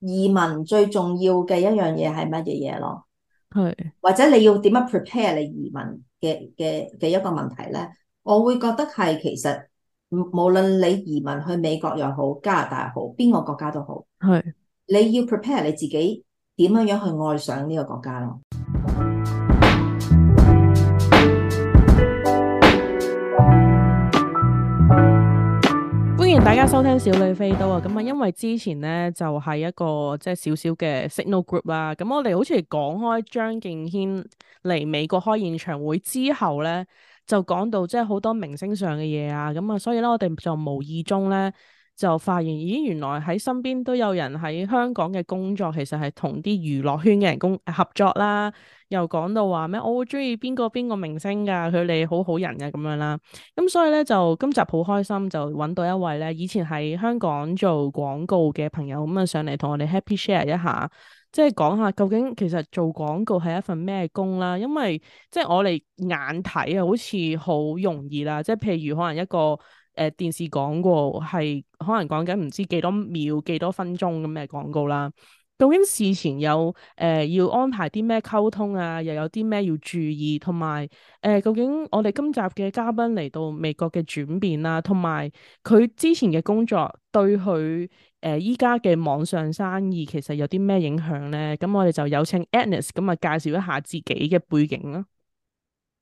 移民最重要嘅一樣嘢係乜嘢嘢咯？係是或者你要點樣 prepare 你移民嘅嘅嘅一個問題咧？我會覺得係其實無論你移民去美國又好，加拿大又好，邊個國家都好，係是你要 prepare 你自己點樣樣去愛上呢個國家咯。歡迎大家收聽《小李飛刀》啊！咁啊，因為之前咧就係一個即係小小嘅 signal group 啦。咁我哋好似講開張敬軒嚟美國開演唱會之後咧，就講到即係好多明星上嘅嘢啊。咁啊，所以咧我哋就無意中咧就發現，咦，原來喺身邊都有人喺香港嘅工作，其實係同啲娛樂圈嘅人工合作啦。又講到話咩，我好中意邊個邊個明星㗎，佢哋好好人㗎咁樣啦。咁、嗯、所以咧就今集好開心，就揾到一位咧以前喺香港做廣告嘅朋友咁啊上嚟同我哋 happy share 一下，即係講下究竟其實做廣告係一份咩工啦？因為即係我哋眼睇啊，好似好容易啦。即係譬如可能一個誒、呃、電視廣告係可能講緊唔知幾多秒幾多分鐘咁嘅廣告啦。究竟事前有誒、呃、要安排啲咩溝通啊？又有啲咩要注意？同埋誒，究竟我哋今集嘅嘉賓嚟到美國嘅轉變啦、啊，同埋佢之前嘅工作對佢誒依家嘅網上生意其實有啲咩影響咧？咁我哋就有請 Agnes 咁啊，介紹一下自己嘅背景啦、啊。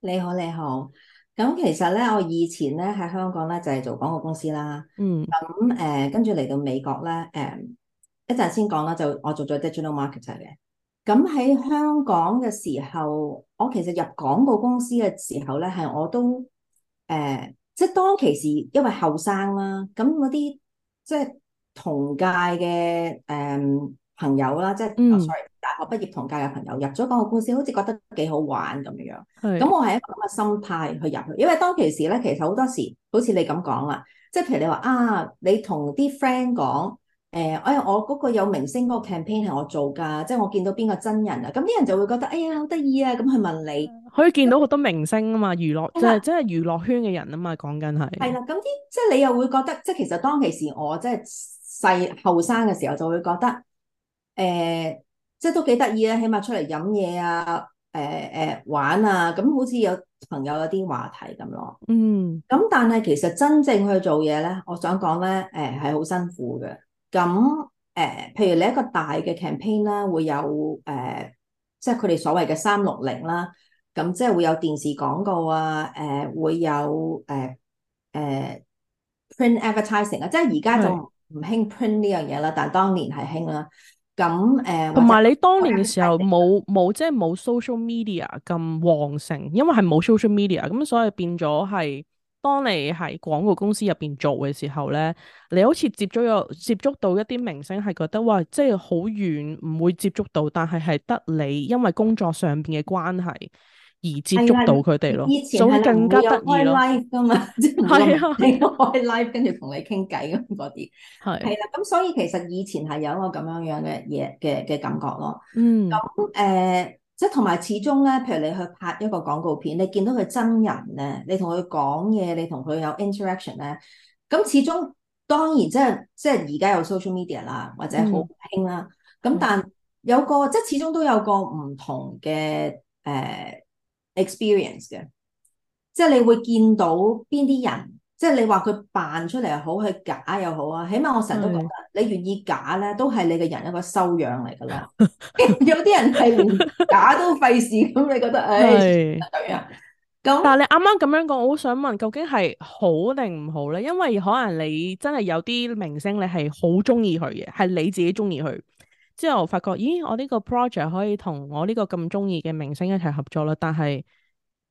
你好，你好。咁其實咧，我以前咧喺香港咧就係、是、做廣告公司啦。嗯。咁、呃、誒，跟住嚟到美國咧誒。呃一陣先講啦，就我做咗 digital marketer 嘅。咁喺香港嘅時候，我其實入廣告公司嘅時候咧，係我都誒、呃，即係當其時，因為後生啦，咁嗰啲即係同屆嘅誒、呃、朋友啦，即係、哦、sorry 大學畢業同屆嘅朋友入咗廣告公司，好似覺得幾好玩咁樣樣。咁是我係一個咁嘅心態去入去，因為當其時咧，其實好多時，好似你咁講啦，即係譬如你話啊，你同啲 friend 講。誒，哎呀，我嗰個有明星嗰個 campaign 係我做噶，即係我見到邊個真人啊，咁啲人就會覺得，哎呀，好得意啊，咁去問你，可以見到好多明星啊嘛，娛樂，即係即係娛樂圈嘅人啊嘛，講緊係。係啦，咁啲即係你又會覺得，即係其實當其時我即係細後生嘅時候，就會覺得，誒，即係都幾得意啦，起碼出嚟飲嘢啊，誒誒玩啊，咁好似有朋友有啲話題咁咯。嗯。咁但係其實真正去做嘢咧，我想講咧，誒係好辛苦嘅。咁誒，譬、嗯、如你一個大嘅 campaign 啦，會有誒、呃，即係佢哋所謂嘅三六零啦，咁即係會有電視廣告啊，誒、呃、會有誒誒、呃呃、print advertising 啊，即係而家就唔興 print 呢樣嘢啦，但係當年係興啦。咁、嗯、誒，同、呃、埋你當年嘅時候冇冇、嗯、即係冇 social media 咁旺盛，因為係冇 social media，咁所以變咗係。當你喺廣告公司入邊做嘅時候咧，你好似接咗有接觸到一啲明星，係覺得哇，即係好遠唔會接觸到，但係係得你因為工作上邊嘅關係而接觸到佢哋咯，所以前更加得意 live 㗎嘛，係啊、 live，你開 live 跟住同你傾偈咁嗰啲係係啦，咁 所以其實以前係有一個咁樣樣嘅嘢嘅嘅感覺咯。嗯，咁誒。呃即係同埋始終咧，譬如你去拍一個廣告片，你見到佢真人咧，你同佢講嘢，你同佢有 interaction 咧，咁始終當然即係即係而家有 social media 啦，或者好興啦，咁、嗯、但有個即係始終都有個唔同嘅誒、uh, experience 嘅，即係你會見到邊啲人。即係你話佢扮出嚟又好，佢假又好啊！起碼我成日都覺得，是你願意假咧，都係你嘅人一個修養嚟噶啦。 有啲人係假都費事，咁 你覺得誒？咁、欸、是但係你啱啱咁樣講，我好想問，究竟係好定唔好咧？因為可能你真係有啲明星你，你係好中意佢嘅，係你自己中意佢之後我發覺，咦，我呢個 project 可以同我呢個咁中意嘅明星一齊合作啦。但係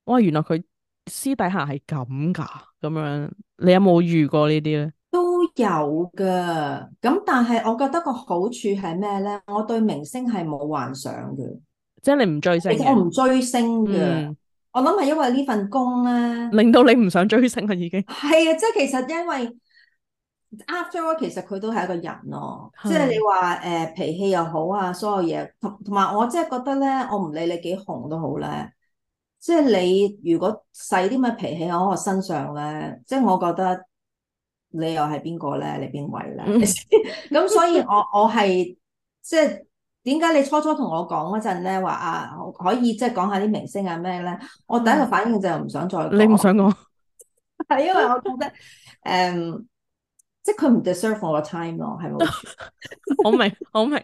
哇，原來佢私底下係咁噶。咁樣，你有冇遇過呢啲咧？都有噶，咁但係我覺得個好處係咩咧？我對明星係冇幻想嘅，即係你唔追星我唔追星嘅。嗯、我諗係因為呢份工咧、啊，令到你唔想追星啊，已經係啊，即係其實因為 actor 其實佢都係一個人咯、啊，的即係你話誒、呃、脾氣又好啊，所有嘢，同同埋我即係覺得咧，我唔理你幾紅都好咧。即係你如果細啲咁嘅脾氣喺我身上咧，即係我覺得你又係邊個咧？你邊位咧？咁 所以我我係即係點解你初初同我講嗰陣咧話啊可以即係講下啲明星係咩咧？嗯、我第一個反應就係唔想再你唔想講，係因為我覺得誒，即係佢唔 deserve 我嘅 time 咯，係咪 ？我明我明，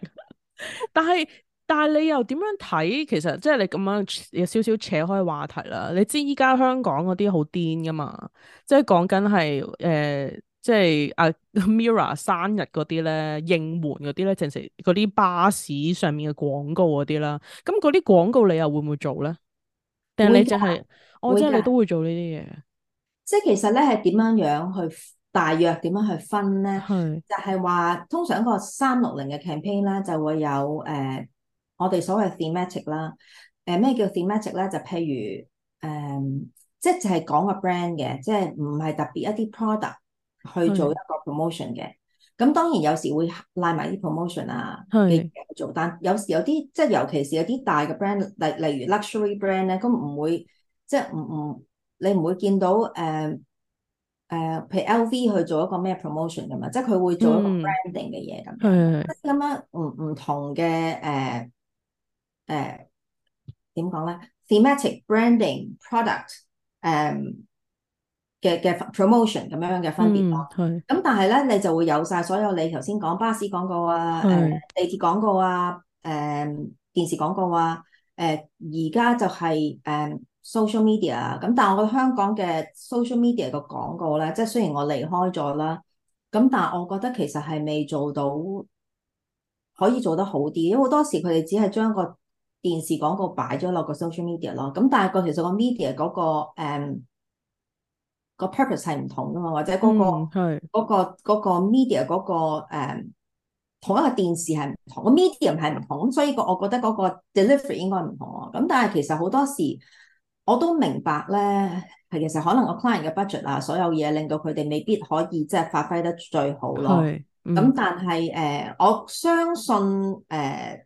但係。但係你又點樣睇？其實即係你咁樣有少少扯開話題啦。你知依家香港嗰啲好癲噶嘛？即係講緊係誒，即係阿 Mirror 生日嗰啲咧，應援嗰啲咧，正正嗰啲巴士上面嘅廣告嗰啲啦。咁嗰啲廣告你又會唔會做咧？定係你就係我即係你都會做呢啲嘢。即係其實咧，係點樣樣去大約點樣去分咧？是就係話通常一個三六零嘅 campaign 啦，就會有誒。呃我哋所謂 thematic 啦，誒、呃、咩叫 thematic 咧？就譬如誒、嗯，即係就係講個 brand 嘅，即係唔係特別一啲 product 去做一個 promotion 嘅。咁的當然有時會拉埋啲 promotion 啊，去做的。但有時有啲即係，尤其是有啲大嘅 brand，例例如 luxury brand 咧，咁唔會即係唔唔，你唔會見到誒誒、呃呃，譬如 LV 去做一個咩 promotion 㗎嘛？即係佢會做一個 branding 嘅嘢咁。咁的的樣唔唔同嘅誒。呃誒，點講咧？呃、Thematic branding product 誒嘅嘅 promotion 咁樣嘅分別咯。咁、嗯嗯、但係咧，你就會有晒所有你頭先講巴士廣告啊、誒、呃、地鐵廣告啊、誒、呃、電視廣告啊、誒而家就係誒 social media。咁、呃嗯、但係我覺得香港嘅 social media 嘅廣告咧，即係雖然我離開咗啦，咁但係我覺得其實係未做到可以做得好啲，因為好多時佢哋只係將個。電視廣告擺咗落個 social media 咯，咁但係個其實個 media 嗰、那個誒、嗯、個 purpose 係唔同噶嘛，或者嗰、那個嗰、嗯那個嗰、那個 media 嗰、那個、嗯、同一個電視係唔同，個 medium 係唔同，咁所以個我覺得嗰個 delivery 應該唔同啊。咁但係其實好多時我都明白咧，係其實可能我 client 嘅 budget 啊，所有嘢令到佢哋未必可以即係發揮得最好咯。咁、嗯、但係誒、呃，我相信誒。呃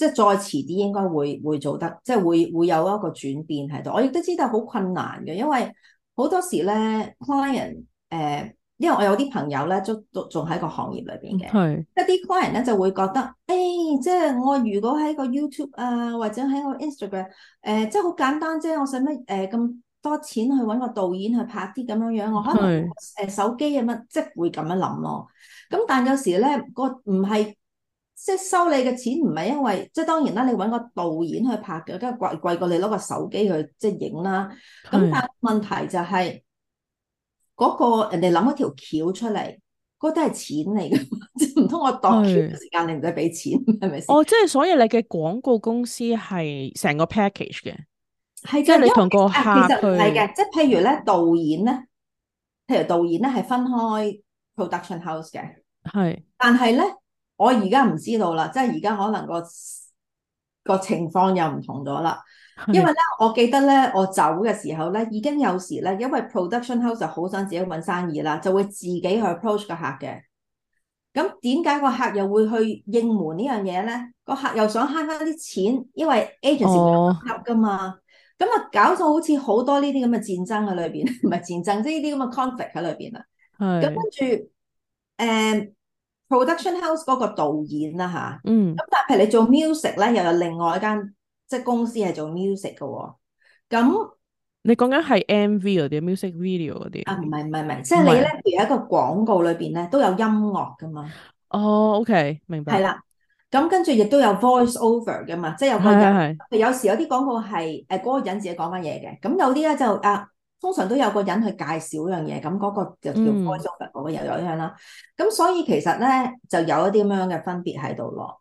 即係再遲啲應該會會做得，即係會會有一個轉變喺度。我亦都知道好困難嘅，因為好多時咧 client 誒，因為我有啲朋友咧都都仲喺個行業裏邊嘅。係的，即啲 client 咧就會覺得誒、欸，即係我如果喺個 YouTube 啊，或者喺個 Instagram 誒、呃，即係好簡單啫。我使乜誒咁多錢去搵個導演去拍啲咁樣樣，我可能誒手機啊乜，的即係會咁樣諗咯。咁但有時咧個唔係。即係收你嘅錢，唔係因為，即係當然啦，你搵個導演去拍嘅，梗係貴貴過你攞個手機去即係影啦。咁的但係問題就係、是，嗰、那個人哋諗一條橋出嚟，嗰、那個、都係錢嚟噶，即唔通我當橋嘅時間你唔使俾錢係咪先？的是是哦，即係所以你嘅廣告公司係成個 package 嘅的，即係你同個客去其實係嘅，即係譬如咧導演咧，譬如導演咧係分開 production house 嘅，係的，但係咧。我而家唔知道啦，即係而家可能個個情況又唔同咗啦。因為咧，我記得咧，我走嘅時候咧，已經有時咧，因為 production house 就好想自己揾生意啦，就會自己去 approach 個客嘅。咁點解個客又會去應門呢樣嘢咧？個客又想慳翻啲錢，因為 agent 唔客噶嘛。咁啊，搞到好似好多呢啲咁嘅戰爭喺裏邊，唔係戰爭，即係呢啲咁嘅 conflict 喺裏邊啊。係。Oh。咁跟住，誒。Production House 嗰個導演啦吓，咁但係你做 music 咧又有另外一間即係公司係做 music 嘅喎，咁你講緊係 MV 嗰啲，music video 嗰啲啊？唔係唔係唔係，即係你咧，譬如一個廣告裏邊咧都有音樂噶嘛。哦，OK，明白。係啦，咁跟住亦都有 voice over 噶嘛，即係有個人。係啊係。有時有啲廣告係誒嗰個人自己講翻嘢嘅，咁有啲咧就啊。通常都有個人去介紹一樣嘢，咁、那、嗰個就叫 client servicing 嗰個又有樣啦。咁所以其實咧就有一啲咁樣嘅分別喺度咯。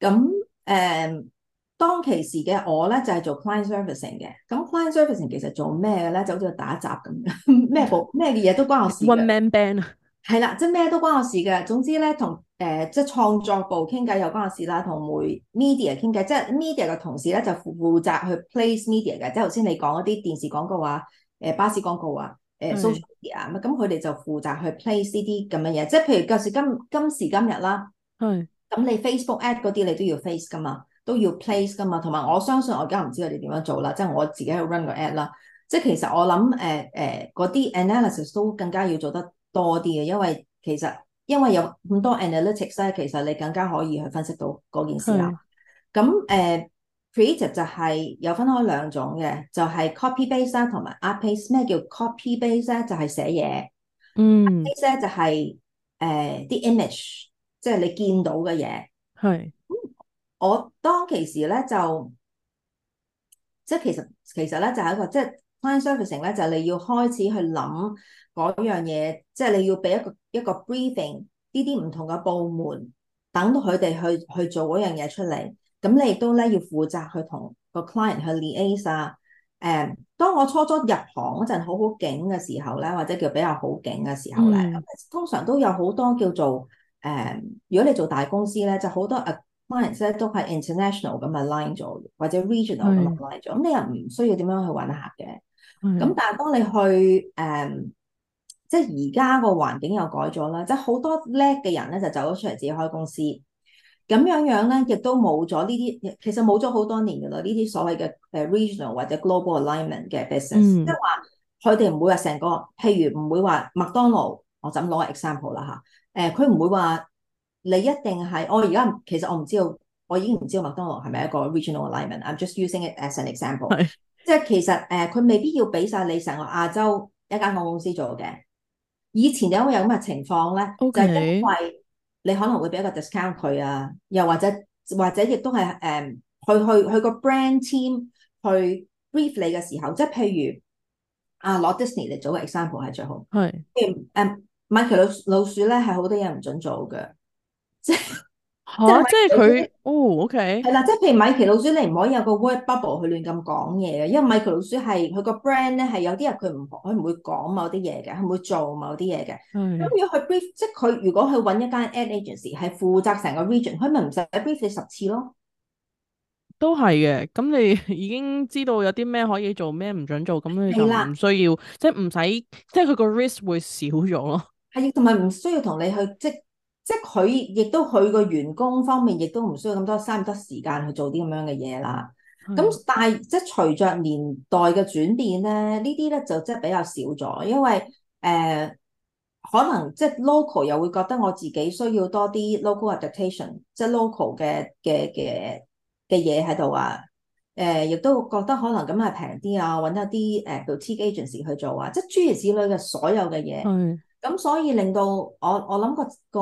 咁誒、嗯、當其時嘅我咧就係、是、做 client servicing 嘅。咁 client servicing 其實做咩嘅咧？就好似打雜咁，咩部咩嘅嘢都關我事。One man band 係啦，即係咩都關我事嘅。總之咧，同誒即係創作部傾偈又關我事啦，同媒 media 傾偈，即、就、係、是、media 嘅同事咧就負責去 place media 嘅。即係頭先你講嗰啲電視廣告啊。誒、呃、巴士廣告啊，誒 social 啊，咁佢哋就負責去 place 呢啲咁嘅嘢，即係譬如，假設今今時今日啦，係的，咁你 Facebook ad 嗰啲你都要 face 噶嘛，都要 place 噶嘛，同埋我相信我而家唔知佢哋點樣做啦，即係我自己去 run 個 ad 啦，即係其實我諗誒誒、呃、嗰啲、呃、analysis 都更加要做得多啲嘅，因為其實因為有咁多 analytics 咧、啊，其實你更加可以去分析到嗰件事啦，咁誒的。creative 就係有分開兩種嘅，就係、是、copy base 啦，同埋 art base。咩叫 copy base 咧？就係寫嘢。嗯，art base 咧就係誒啲 image，即係你見到嘅嘢。係是。我當其時咧就即係其實其實咧就係、是、一個即係 client servicing 咧，就是就是、你要開始去諗嗰樣嘢，即、就、係、是、你要俾一個一個 briefing 呢啲唔同嘅部門，等到佢哋去去做嗰樣嘢出嚟。咁你亦都咧要負責去同個 client 去 liaise 啊！誒、嗯，當我初初入行嗰陣好好景嘅時候咧，或者叫比較好景嘅時候咧，嗯、通常都有好多叫做誒、嗯，如果你做大公司咧，就好多啊 clients 咧都係 international 咁啊 line 咗，或者 regional 咁啊 line 咗，咁是你又唔需要點樣去揾客嘅。咁是但係當你去誒、嗯，即係而家個環境又改咗啦，即係好多叻嘅人咧就走咗出嚟自己開公司。咁樣樣咧，亦都冇咗呢啲，其實冇咗好多年噶啦。呢啲所謂嘅誒 regional 或者 global alignment 嘅 business，嗯、即係話佢哋唔會話成個，譬如唔會話麥當勞，我就攞個 example 啦嚇。誒，佢唔會話你一定係我而家，哦、其實我唔知道，我已經唔知道麥當勞係咪一個 regional alignment。I'm just using it as an example 是。即係其實誒，佢、呃、未必要俾晒你成個亞洲一間航空公司做嘅。以前你有冇有咁嘅情況咧？就因為。Okay. 你可能會俾一個 discount 佢啊，又或者或者亦都係誒，佢、um, 去去，去個 brand team 去 brief 你嘅時候，即係譬如啊，攞 Disney 嚟做個 example 係最好。係。是，譬如誒 m i 老老鼠咧，係好多嘢唔準做嘅，即係。 啊、即係即係佢哦，OK 係啦，即係譬如米奇老鼠，你唔可以有個 word bubble 去亂咁講嘢嘅，因為米奇老鼠係佢個 brand 咧，係有啲人佢唔佢唔會講某啲嘢嘅，佢唔會做某啲嘢嘅。咁、嗯、如果佢 brief，即係佢如果去搵一間 ad agency 係負責成個 region，佢咪唔使 brief 你十次咯？都係嘅，咁你已經知道有啲咩可以做，咩唔準做，咁你就唔需要，的即係唔使，即係佢個 risk 會少咗咯。係，同埋唔需要同你去即即係佢，亦都佢個員工方面，亦都唔需要咁多嘥唔多時間去做啲咁樣嘅嘢啦。咁的但係，即係隨着年代嘅轉變咧，呢啲咧就即係比較少咗，因為誒、呃、可能即係 local 又會覺得我自己需要多啲 local adaptation，即係 local 嘅嘅嘅嘅嘢喺度啊。誒、呃，亦都覺得可能咁係平啲啊，揾一啲誒 boutique agency 去做啊。即係諸如此類嘅所有嘅嘢。咁所以令到我我諗個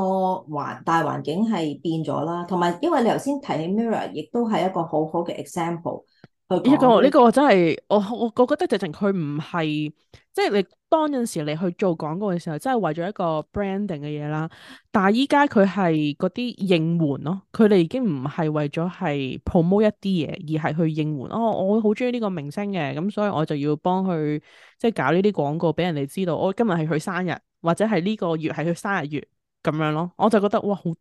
環大環境係變咗啦，同埋因為你頭先提起 mirror，亦都係一個好好嘅 example。呢個呢個我真係我我覺得直情佢唔係，即係你當陣時你去做廣告嘅時候，真係爲咗一個 branding 嘅嘢啦。但係依家佢係嗰啲應援咯，佢哋已經唔係爲咗係 promote 一啲嘢，而係去應援。哦，我好中意呢個明星嘅，咁所以我就要幫佢即係搞呢啲廣告俾人哋知道。我今日係佢生日。或者係呢個月係佢生日月咁樣咯，我就覺得哇好癲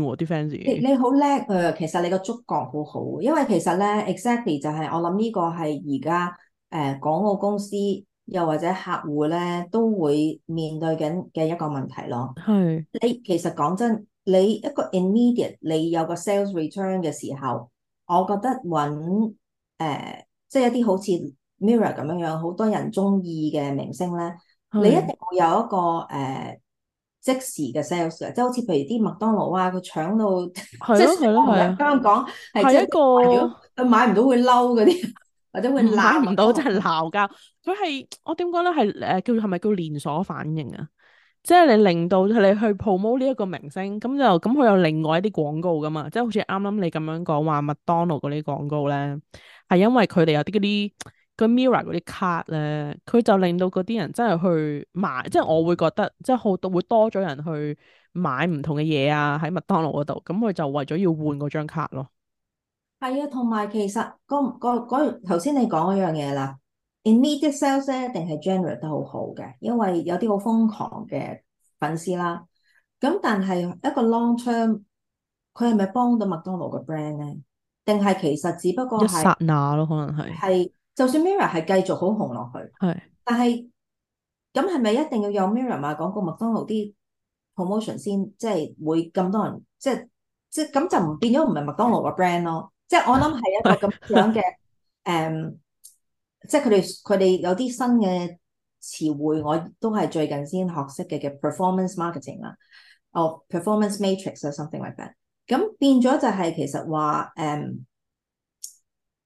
喎啲 fans。你好叻啊，其實你個觸覺好好，因為其實咧，exactly 就係、是、我諗呢個係而家誒廣告公司又或者客戶咧都會面對緊嘅一個問題咯。係是你其實講真，你一個 immediate 你有個 sales return 嘅時候，我覺得搵誒即係一啲好似 mirror 咁樣樣，好多人中意嘅明星咧。你一定會有一個誒、uh, 即時嘅 sales 即係好似譬如啲麥當勞啊，佢搶到，的 即係香港係一個，佢買唔到會嬲嗰啲，或者會鬧唔到真係鬧交。佢係我點講咧？係誒叫係咪叫連鎖反應啊？即係你令到你去 promote 呢一個明星，咁就咁佢有另外一啲廣告噶嘛？即係好似啱啱你咁樣講話麥當勞嗰啲廣告咧，係因為佢哋有啲嗰啲。個 Mirror 嗰啲卡咧，佢就令到嗰啲人真係去買，即係我會覺得即係好多會多咗人去買唔同嘅嘢啊。喺麥當勞嗰度，咁佢就為咗要換嗰張卡咯。係啊，同埋其實嗰嗰頭先你講嗰樣嘢啦 Immediate sales 咧定係 generate 得好好嘅，因為有啲好瘋狂嘅粉絲啦。咁但係一個 long term，佢係咪幫到麥當勞嘅 brand 咧？定係其實只不過係一剎那咯，可能係係。就算 Mirror 係繼續好紅落去，係的，但係咁係咪一定要有 Mirror 啊？講個麥當勞啲 promotion 先，即係會咁多人，即係即咁就唔變咗唔係麥當勞個 brand 咯。即係我諗係一個咁樣嘅誒、 嗯，即係佢哋佢哋有啲新嘅詞彙，我都係最近先學識嘅叫 performance marketing 啦，哦 performance matrix 啊，something like that。咁、嗯、變咗就係其實話誒。嗯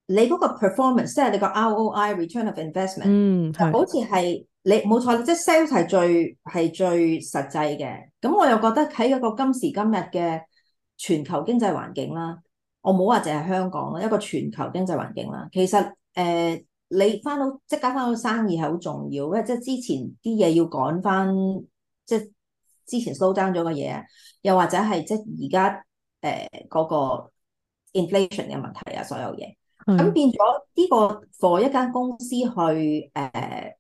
你嗰個 performance 即係你個 ROI return of investment，、嗯、好似係你冇錯，即係 sales 係最係最實際嘅。咁我又覺得喺一個今時今日嘅全球經濟環境啦，我冇話淨係香港啦，一個全球經濟環境啦，其實誒、呃、你翻到即係搞翻個生意係好重要嘅，即係之前啲嘢要趕翻，即係之前 slow down 咗嘅嘢，又或者係即係而家誒嗰個 inflation 嘅問題啊，所有嘢。咁、嗯、變咗呢個 for 一間公司去誒、呃、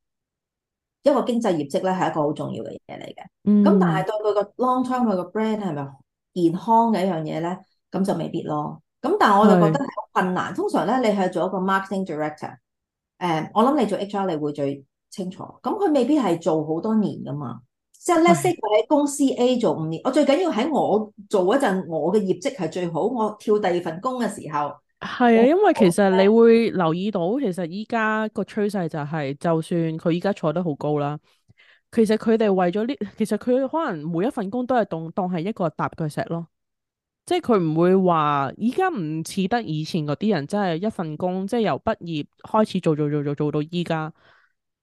一個經濟業績咧，係一個好重要嘅嘢嚟嘅。咁、嗯、但係對佢個 long term 佢個 brand 係咪健康嘅一樣嘢咧？咁就未必咯。咁但係我就覺得好困難。是通常咧，你係做一個 marketing director，誒、呃，我諗你做 HR，你會最清楚。咁佢未必係做好多年㗎嘛。即係 let say 佢喺公司 A 做五年，我最緊要喺我做一陣，我嘅業績係最好。我跳第二份工嘅時候。係啊， 嗯嗯、 因為其實你會留意到，其實依家個趨勢就係、是，就算佢依家坐得好高啦，其實佢哋為咗呢、這個，其實佢可能每一份工都係當當係一個搭腳石咯，即係佢唔會話依家唔似得以前嗰啲人，即係一份工即係由畢業開始做做做做做，做，做，做到依家，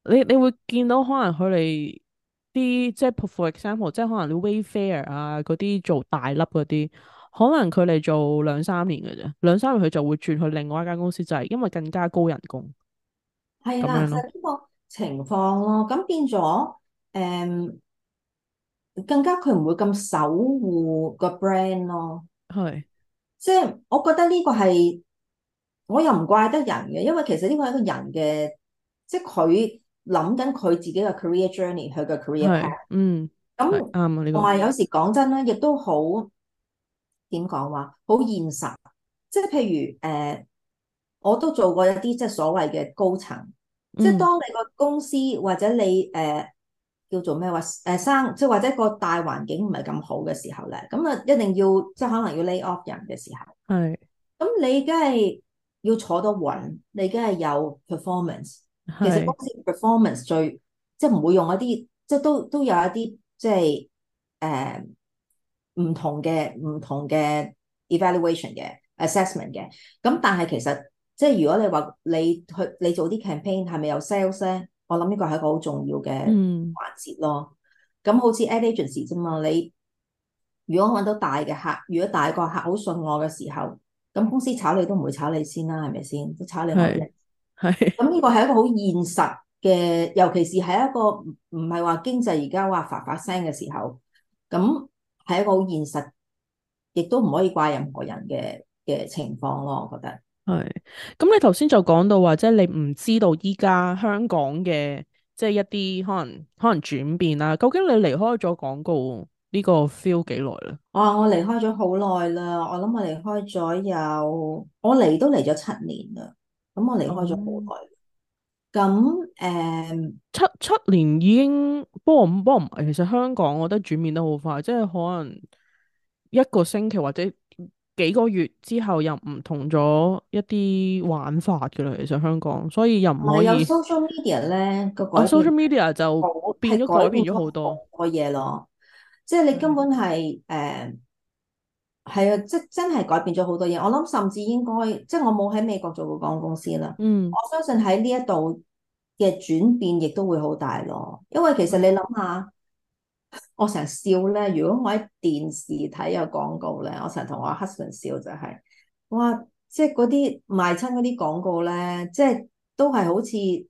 你你會見到可能佢哋啲即係 for example，即係可能你 Wayfair 啊嗰啲做大粒嗰啲。可能佢嚟做兩三年嘅啫，兩三年佢就會轉去另外一間公司，就係因為更加高人工。係啊，就係呢個情況咯。咁變咗誒、嗯，更加佢唔會咁守護個 brand 咯。係，即係我覺得呢個係我又唔怪得人嘅，因為其實呢個係一個人嘅，即係佢諗緊佢自己嘅 career journey，佢嘅 career path 嗯，咁啱啊！呢個同埋有時講真咧，亦都好。點講話好現實，即係譬如誒、呃，我都做過一啲即係所謂嘅高層，嗯、即係當你個公司或者你誒、呃、叫做咩話誒生，即係或者個大環境唔係咁好嘅時候咧，咁啊一定要即係可能要 lay off 人嘅時候，係咁是你梗係要坐得穩，你梗係有 performance。其實公司 performance 最是即係唔會用一啲即係都都有一啲即係誒。呃唔同嘅唔同嘅 evaluation 嘅 assessment 嘅，咁但係其實即係如果你話你去你做啲 campaign 係咪有 sales 咧？我諗呢個係一個好重要嘅環節咯。咁、嗯、好似 ad agency 啫嘛，你如果揾到大嘅客，如果大個客好信我嘅時候，咁公司炒你都唔會炒你先啦，係咪先都炒你咩？係咁呢個係一個好現實嘅，尤其是係一個唔唔係話經濟而家話發發聲嘅時候咁。係一個好現實，亦都唔可以怪任何人嘅嘅情況咯。我覺得係。咁你頭先就講到話，即係你唔知道依家香港嘅即係一啲可能可能轉變啦、啊。究竟你離開咗廣告呢個 feel 幾耐啦？哇、哦！我離開咗好耐啦。我諗我離開咗有我嚟都嚟咗七年啦。咁我離開咗好耐。嗯咁誒，嗯、七七年已經，不過唔，不過唔係，其實香港我覺得轉變得好快，即係可能一個星期或者幾個月之後又唔同咗一啲玩法㗎喇。其實香港，所以又唔可以。我有 social media 咧個 social media、啊、就變咗改變咗好多嘢、嗰個、咯，即係你根本係誒。呃係啊，即真係改變咗好多嘢。我諗甚至應該，即我冇喺美國做過廣告公司啦。嗯，我相信喺呢一度嘅轉變亦都會好大咯。因為其實你諗下，我成日笑咧，如果我喺電視睇有廣告咧，我成日同我阿 husband 笑就係、是，哇！即嗰啲賣親嗰啲廣告咧，即都係好似誒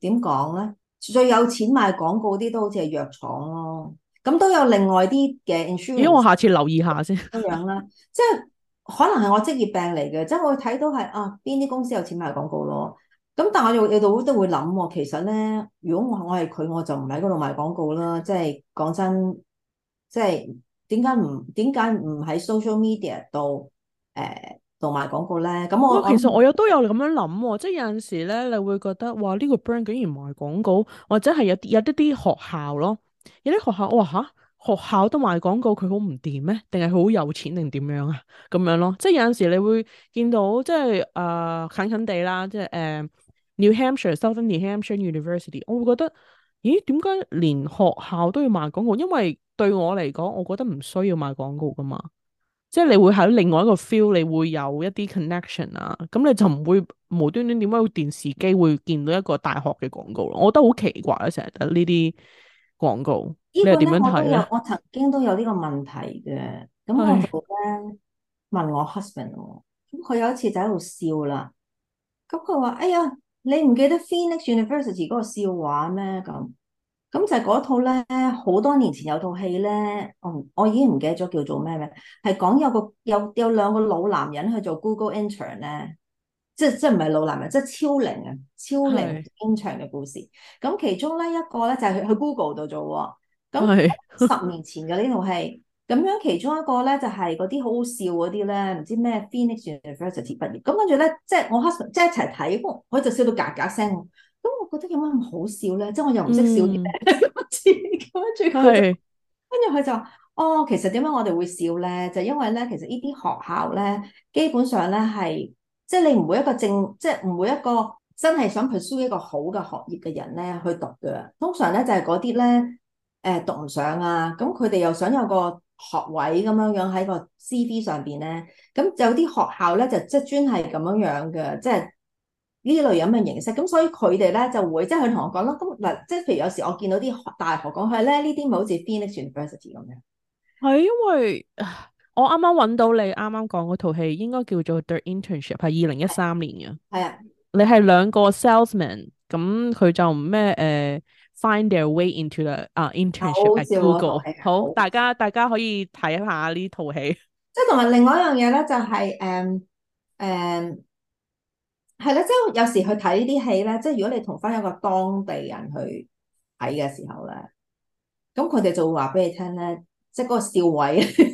點講咧，最有錢賣廣告啲都好似係藥廠咯。咁都有另外啲嘅 i n 我下次留意下先。咁樣啦，即係可能係我職業病嚟嘅，即係我睇到係啊邊啲公司有錢廣、哦、賣廣告咯。咁但係我又有時都會諗，其實咧，如果我我係佢，我就唔喺嗰度賣廣告啦。即係講真，即係點解唔點解唔喺 social media 度誒度賣廣告咧？咁我其實我有都有咁樣諗喎、哦，嗯、即係有陣時咧，你會覺得哇，呢、這個 brand 竟然賣廣告，或者係有啲有啲啲學校咯。有啲學校哇吓，學校都賣廣告，佢好唔掂咩？定係佢好有錢定點樣啊？咁樣咯，即係有陣時你會見到即係誒、呃，近近地啦，即係誒、呃，New Hampshire、Southern New Hampshire University，我會覺得，咦，點解連學校都要賣廣告？因為對我嚟講，我覺得唔需要賣廣告噶嘛。即係你會喺另外一個 feel，你會有一啲 connection 啊，咁你就唔會無端端點解會電視機會見到一個大學嘅廣告咯？我覺得好奇怪啊，成日得呢啲。廣告呢個咧，點樣睇？我都有，我曾經都有呢個問題嘅。咁我咧是問我 husband，咁佢有一次就喺度笑啦。咁佢話：哎呀，你唔記得《Phoenix University》嗰個笑話咩？咁咁就係嗰套咧，好多年前有套戲咧，我唔我已經唔記得咗叫做咩咩，係講有個有有兩個老男人去做 Google intern 咧。即係即係唔係老男人，即係超齡啊！超齡堅強嘅故事。咁其中咧一個咧就係佢去 Google 度做喎。咁十年前嘅呢套戲，咁樣其中一個咧就係嗰啲好好笑嗰啲咧，唔知咩 Phoenix University 畢業。咁跟住咧，即係我即係一齊睇，佢就笑到嘎嘎聲。咁我覺得有乜咁好笑咧？即係我又唔識笑點，乜嘢咁樣跟住佢。跟住佢就，哦，其實點解我哋會笑咧？就是、因為咧，其實呢啲學校咧，基本上咧係。即係你唔會一個正，即係唔會一個真係想 pursue 一個好嘅學業嘅人咧去讀嘅。通常咧就係嗰啲咧，誒、呃、讀唔上啊，咁佢哋又想有個學位咁樣樣喺個 CV 上邊咧。咁有啲學校咧就即係專係咁樣樣嘅，即係呢類咁嘅形式。咁所以佢哋咧就會即係佢同我講啦，咁嗱，即係譬如有時我見到啲大學講佢咧，呢啲咪好似 Phoenix University 咁嘅，係因為。我啱啱揾到你啱啱講嗰套戲，應該叫做《The Internship》，係二零一三年嘅。係啊，你係兩個 salesman，咁佢就咩誒、uh,，find their way into 啊、uh, internship 嘅 at Google。好，好大家大家，大家可以睇下呢套戲。即係同埋另外一樣嘢咧，就係誒誒係啦，即、um, 係、um, 就是、有時去睇呢啲戲咧，即、就、係、是、如果你同翻一個當地人去睇嘅時候咧，咁佢哋就會話俾你聽咧，即係嗰個笑位。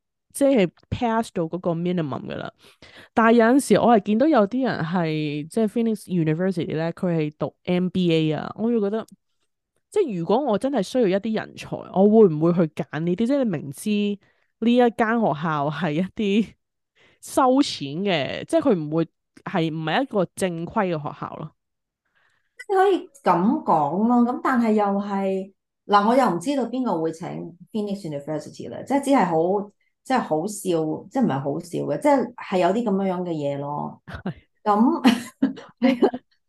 即係 pass 到嗰個 minimum 嘅啦，但係有陣時我係見到有啲人係即係 Phoenix University 咧，佢係讀 MBA 啊，我就覺得即係如果我真係需要一啲人才，我會唔會去揀呢啲？即你明知呢一間學校係一啲收錢嘅，即係佢唔會係唔係一個正規嘅學校咯？你可以咁講咯，咁但係又係嗱，我又唔知道邊個會請 Phoenix University 喇，即係只係好。即係好笑，即係唔係好笑嘅，即係係有啲咁樣樣嘅嘢咯。咁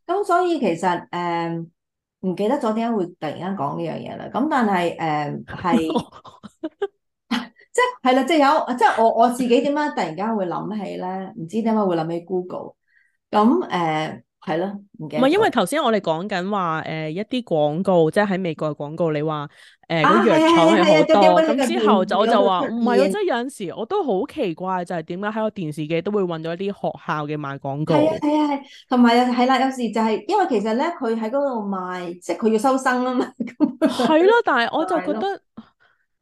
咁 所以其實誒唔、呃、記得咗點解會突然間講呢樣嘢啦。咁但係誒係，即係係啦，即係有即係我我自己點解突然間會諗起咧？唔知點解會諗起 Google 咁誒。係咯，唔係 因為頭先我哋講緊話，誒一啲廣告， 即係喺美國嘅廣告，你話誒嗰藥廠係好多，咁之、啊啊啊啊啊啊、後就我就話唔係咯，即係有陣時我都好奇怪，就係點解喺個電視機都會揾到一啲學校嘅賣廣告？係啊係同埋啊係啦、啊，有時就係因為其實咧，佢喺嗰度賣，即係佢要收生啊嘛。係 咯、 啊，但係我就覺得。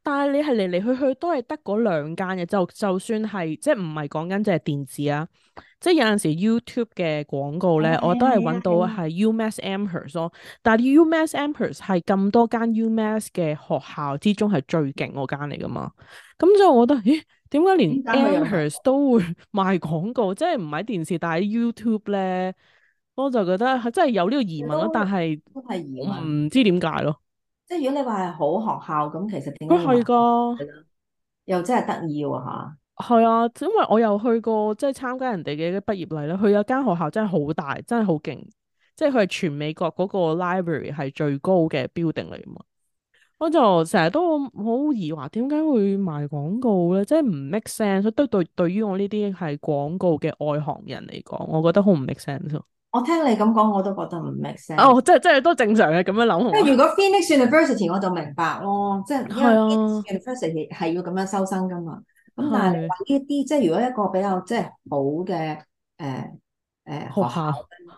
但係你係嚟嚟去去都係得嗰兩間嘅，就就算係即係唔係講緊即係電視啊，即係有陣時 YouTube 嘅廣告咧，的我都係揾到係 UMass Amherst 咯的。但係 UMass Amherst 係咁多間 UMass 嘅學校之中係最勁嗰間嚟噶嘛？咁所以我覺得，咦？點解連 Amherst 都會賣廣告？即係唔喺電視，但喺 YouTube 咧，我就覺得係真係有呢個疑問咯。但係唔知點解咯。即係如果你話係好學校咁，其實點解？佢係㗎，又真係得意喎嚇！係啊， 因為我又去過，即係參加人哋嘅畢業禮咧。去有間學校真係好大，真係好勁。即係佢係全美國嗰個 library 係最高嘅 building 嚟啊嘛。我就成日都好疑惑，點解會賣廣告咧？即係唔 make sense。都對對，對於我呢啲係廣告嘅外行人嚟講，我覺得好唔 make sense。我聽你咁講，我都覺得唔 make sense。哦，即係即係都正常嘅咁樣諗。即係如果 Phoenix University，我就明白咯，即係、啊、Phoenix University 係要咁樣收生噶嘛。咁的但係呢啲即係如果一個比較即係好嘅誒誒學校，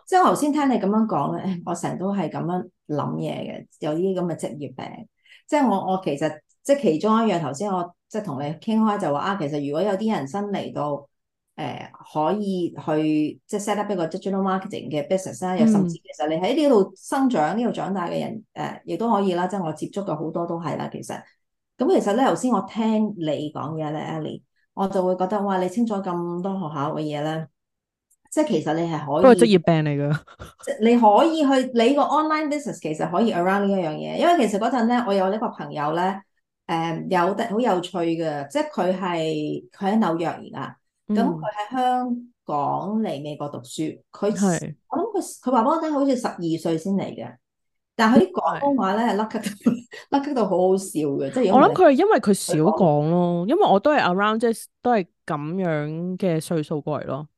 即係我頭先聽你咁樣講咧，我成日都係咁樣諗嘢嘅，有啲咁嘅職業病。即係我我其實即係其中一樣，頭先我即係同你傾開就話啊，其實如果有啲人新嚟到。誒、呃、可以去即係 set up 一個 digital marketing 嘅 business 啦、啊，又甚至其實你喺呢度生長、呢度、嗯、長大嘅人誒，亦、呃、都可以啦。即係我接觸嘅好多都係啦，其實咁其實咧，頭先我聽你講嘢咧 Ellie 我就會覺得哇，你清楚咁多學校嘅嘢咧，即係其實你係可以。都係職業病嚟㗎。即 係你可以去你個 online business，其實可以 around 呢一樣嘢，因為其實嗰陣咧，我有呢個朋友咧，誒、嗯、有得好有趣嘅，即係佢係佢喺紐約而家。咁佢喺香港嚟美國讀書，佢係，我諗佢佢話俾我聽好似十二歲先嚟嘅，但佢啲廣東話咧，甩咳甩咳到好好笑嘅，即係我諗佢係因為佢少講咯，因為我都係 around 即係都係咁樣嘅歲數過嚟咯，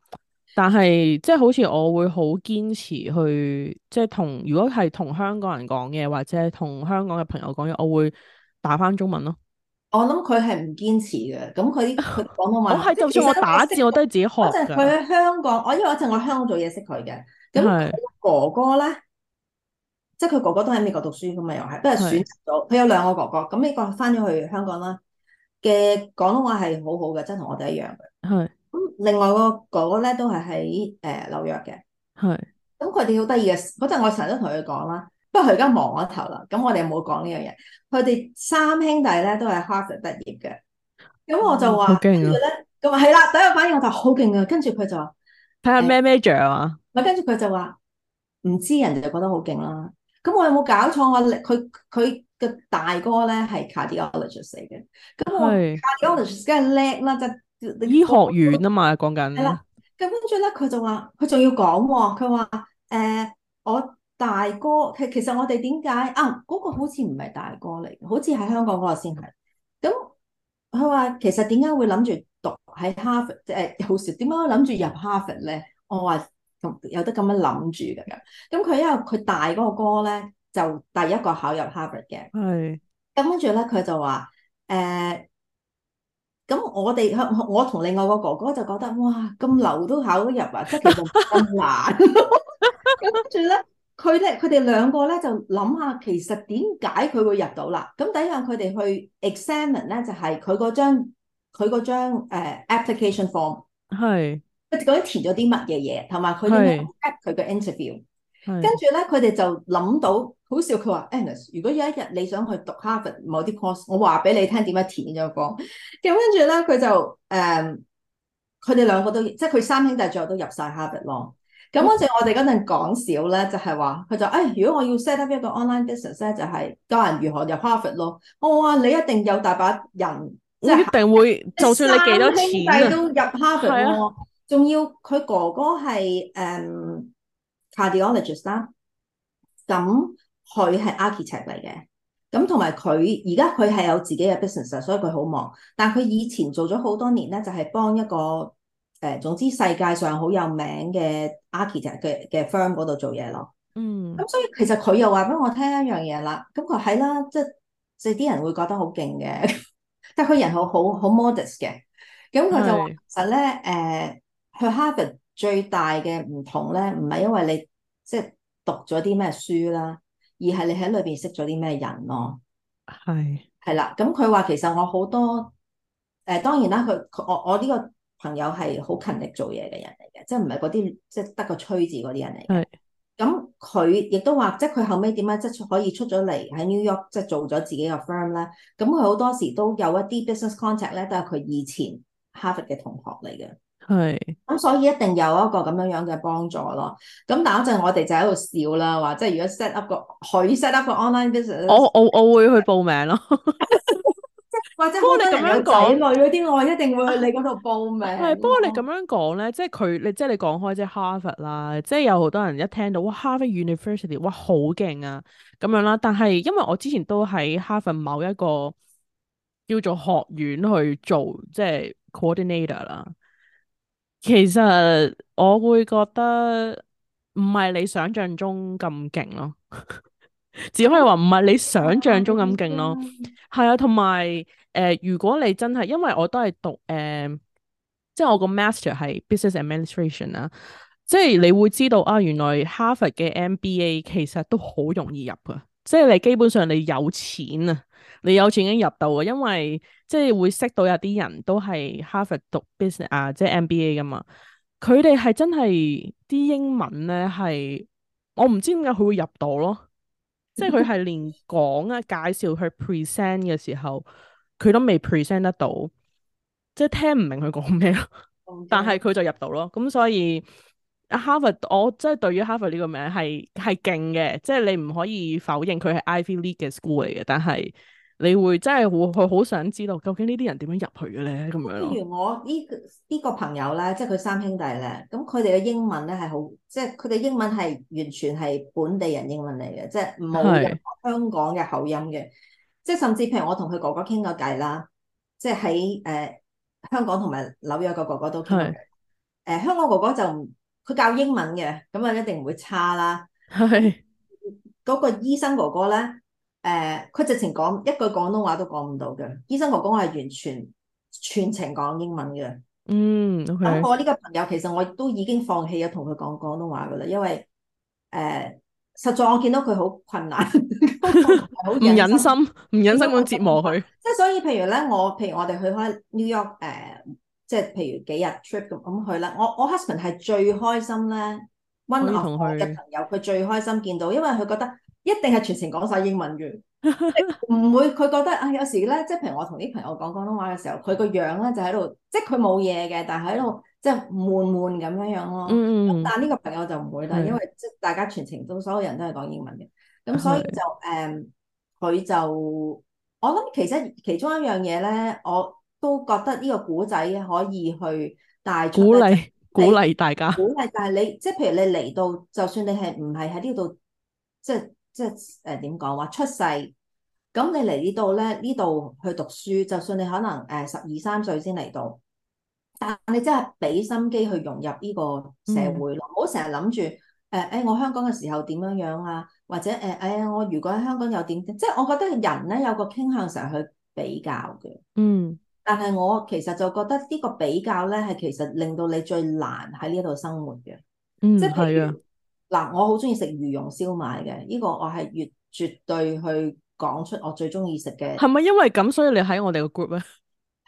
但係即係好似我會好堅持去即係、就是、同如果係同香港人講嘢，或者同香港嘅朋友講嘢，我會打返中文咯。我諗佢係唔堅持嘅，咁佢佢廣東話，我係就算我打字，我都係自己學嗰陣佢喺香港， 我因為嗰陣我香港做嘢識佢嘅，咁、嗯、是哥哥咧，即係佢哥哥都喺美國讀書噶嘛，又係，不過選擇咗，佢有兩個哥哥，咁呢個翻咗去香港啦，嘅廣東話係好好嘅，真、就、同、是、我哋一樣嘅。係咁是，另外個哥哥咧都係喺誒紐約嘅，係咁佢哋好得意嘅，嗰陣、嗯、我成日都同佢講啦。不過佢而家忙咗頭啦，咁我哋冇講呢樣嘢。佢哋三兄弟咧都係哈佛畢業嘅，咁我就話：跟住咧，咁話係啦。第一反應我就好勁啊，跟住佢就話：睇下咩 major 啊。咪跟住佢就話唔知，人哋就覺得好勁啦。咁我，有冇搞錯，我佢佢嘅大哥咧係 cardiologist 嚟嘅，咁 card 我是 cardiologist 梗係叻啦，就係、是、醫學院啊嘛，講緊。係啦，咁跟住咧，佢就話佢仲要講喎，佢話：誒、呃、我。大哥，其實，啊，那個哥，嗯、其實我哋點解啊嗰個好似唔係大哥嚟，好似喺香港嗰個先係。咁佢話其實點解會諗住讀喺哈佛，即、呃、係有時點解諗住入哈佛咧？我話咁有得咁樣諗住噶。咁、嗯、佢因為佢大嗰個哥咧，就第一個考入哈佛嘅。係是。咁跟住咧，佢就話誒，咁、呃、我哋我同另外個哥哥就覺得哇，咁流都考得入啊！即係其實咁難， 跟住咧。佢咧，佢哋兩個咧就諗下，其實點解佢會入到啦？咁、嗯、第一刻佢哋去 examine 咧，就係佢嗰張佢嗰張 application form，係佢嗰啲填咗啲乜嘢嘢，同埋佢啲佢個 interview 是。跟住咧，佢哋就諗到好笑，佢話：Agnes，如果有一日你想去讀 Harvard 某啲 course，我話俾你聽點樣填咗個。咁跟住咧，佢就誒，佢哋兩個都即係佢三兄弟最後都入晒 Harvard 咯。咁嗰陣我哋嗰陣講少咧，就係話佢就誒，如果我要 set up 一個 online business 咧，就係教人如何入 Harvard 咯。我、哦、話你一定有大把人，即係一定會，就算你幾多兄弟都入 Harvard，仲要佢哥哥係誒 cardiologist 啦，咁佢係 architect 嚟嘅。咁同埋佢而家佢係有自己嘅 business，所以佢好忙。但佢以前做咗好多年咧，就係幫一個。誒，總之世界上好有名嘅 architect 嘅嘅 firm 嗰度做嘢咯，mm. 嗯，咁所以其實佢又話俾我聽一樣嘢啦，咁佢係啦，即係啲人會覺得好勁嘅，但係佢人好好好 modest 嘅，咁佢就話的其實咧，誒、呃，去 Harvard 最大嘅唔同咧，唔係因為你即係讀咗啲咩書啦，而係你喺裏邊識咗啲咩人咯、啊，係係的啦，咁佢話其實我好多，誒、呃，當然啦，佢我我呢、這個。朋友係好勤力做嘢嘅人嚟嘅，即係唔係嗰啲即係得個吹字嗰啲人嚟嘅。係是，咁佢亦都話，即係佢後尾點樣，即係可以出咗嚟喺 New York，即係做咗自己嘅 firm 咧。咁佢好多時都有一啲 business contact 咧，都係佢以前哈佛嘅同學嚟嘅。係是。咁所以一定有一個咁樣樣嘅幫助咯。咁嗱，嗰陣我哋就喺度笑啦，話即係如果 set up 個佢 set up 個 online business，我我我會去報名咯。 或者不過你咁樣講，類嗰啲我一定會去你嗰度報名。係、啊，啊、不過你咁樣講咧，即係佢，即係你講開即係哈佛啦，即係有好多人一聽到哇，哈佛 University 哇好勁啊咁樣啦。但係因為我之前都喺哈佛某一個叫做學院去做即係 Coordinator 啦，其實我會覺得唔係你想象中咁勁咯。 只可以話唔係你想象中咁勁咯，係啊，同埋誒，如果你真係，因為我都係讀誒、呃，即係我個 master 係 business administration 啦、啊，即係你會知道啊，原來哈佛嘅 MBA 其實都好容易入噶，即係你基本上你有錢啊，你有錢已經入到啊，因為即係會識到有啲人都係哈佛讀 business 啊，即係 MBA 噶嘛，佢哋係真係啲英文咧，係我唔知點解佢會入到咯。 即係佢係連講啊介紹去 present 嘅時候，佢都未 present 得到，即係聽唔明佢講咩，但係佢就入到咯。咁所以阿哈佛我真係對於哈佛呢個名係係勁嘅，即係你唔可以否認佢係 Ivy League 嘅 school 嚟嘅，但係，你會真係會佢好想知道究竟呢啲人點樣入去嘅咧？咁樣譬如我呢、呢、呢個朋友咧，即係佢三兄弟咧，咁佢哋嘅英文咧係好，即係佢哋英文係完全係本地人英文嚟嘅，即係冇香港嘅口音嘅，是即係甚至譬如我同佢哥哥傾過偈啦，即係喺誒香港同埋紐約個哥哥都傾，誒是、呃、香港哥哥就唔、佢教英文嘅，咁啊一定唔會差啦。係嗰是個醫生哥哥咧。誒，佢、uh, 直情講一句廣東話都講唔到嘅。醫生哥哥我係完全全程講英文嘅。嗯，咁、okay. 我呢個朋友其實我都已經放棄咗同佢講廣東話噶啦，因為誒、uh, 實在我見到佢好困難，唔 忍心，唔 忍心咁折磨佢。即係所以，所以譬呢，譬如咧，我譬如我哋去開 New York，誒，uh, 即係譬如幾日 trip 咁去咧，我我 husband 係最開心咧，溫和我嘅朋友，佢最開心見到，因為佢覺得。一定係全程講晒英文嘅，唔 會佢覺得啊、哎，有時咧，即係譬如我同啲朋友講廣東話嘅時候，佢個樣咧就喺度，即係佢冇嘢嘅，但係喺度即係悶悶咁樣樣咯。咁、嗯、但係呢個朋友就唔會，但係因為即係大家全程都所有人都係講英文嘅，咁所以就誒，佢的、嗯、就我諗其實其中一樣嘢咧，我都覺得呢個古仔可以去大鼓勵鼓勵大家。鼓勵，但係你即係譬如你嚟到，就算你係唔係喺呢度，即係。即係誒點講話出世，咁你嚟呢度咧，呢度去讀書，就算你可能誒十二三歲先嚟到，但你真係俾心機去融入呢個社會咯，唔好成日諗住誒誒我香港嘅時候點樣樣啊，或者誒誒、呃哎、我如果喺香港又點，即係我覺得人咧有個傾向成日去比較嘅。嗯。但係我其實就覺得呢個比較咧，係其實令到你最難喺呢度生活嘅。嗯。即係譬如。嗯。嗱，我好中意食魚蓉燒賣嘅，呢、這個我係越絕對去講出我最中意食嘅。係咪因為咁所以你喺我哋個 group 咧？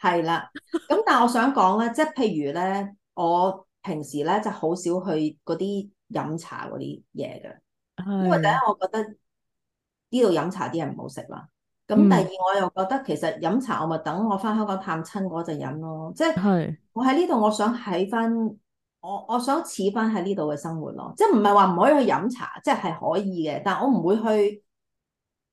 係 啦，咁但係我想講咧，即係譬如咧，我平時咧就好少去嗰啲飲茶嗰啲嘢嘅，的因為第一我覺得呢度飲茶啲人唔好食啦，咁第二、嗯、我又覺得其實飲茶我咪等我翻香港探親嗰陣飲咯，即係的我喺呢度我想喺翻。我我想似翻喺呢度嘅生活咯，即係唔係話唔可以去飲茶，即係係可以嘅，但係我唔會去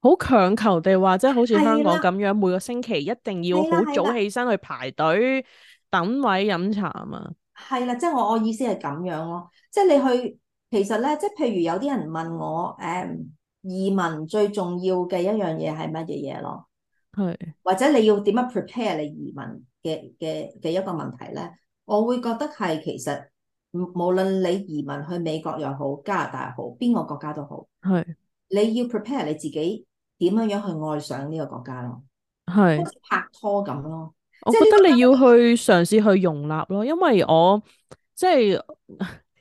好強求地話，即好似香港咁樣，的每個星期一定要好早起身去排隊的等位飲茶啊嘛。係啦，即係我我意思係咁樣咯，即係你去其實咧，即係譬如有啲人問我，誒、嗯、移民最重要嘅一樣嘢係乜嘢嘢咯？係的或者你要點樣 prepare 你移民嘅嘅嘅一個問題咧？我會覺得係其實。無論你移民去美國又好，加拿大又好，邊個國家都好，係是你要 prepare 你自己點樣樣去愛上呢個國家咯，係是拍拖咁咯，我覺得你要去嘗試去容納咯，因為我即係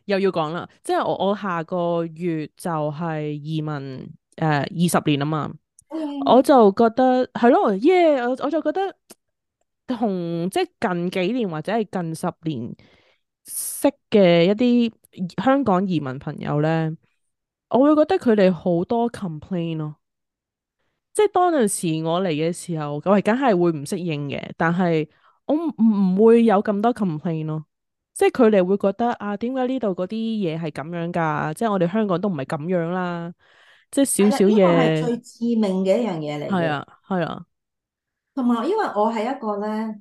又要講啦，即係我我下個月就係移民誒二十年啊嘛，嗯、我就覺得係咯，耶！我我就覺得同即係近幾年或者係近十年。識嘅一啲香港移民朋友咧，我會覺得佢哋好多 complain 咯，即係當陣時我嚟嘅時候，我係梗係會唔適應嘅，但係我唔會有咁多 complain 咯，即係佢哋會覺得啊，點解呢度嗰啲嘢係咁樣噶？即係我哋香港都唔係咁樣啦，即係少少嘢。最致命嘅一樣嘢嚟，係啊係啊，同埋、啊、因為我係一個咧。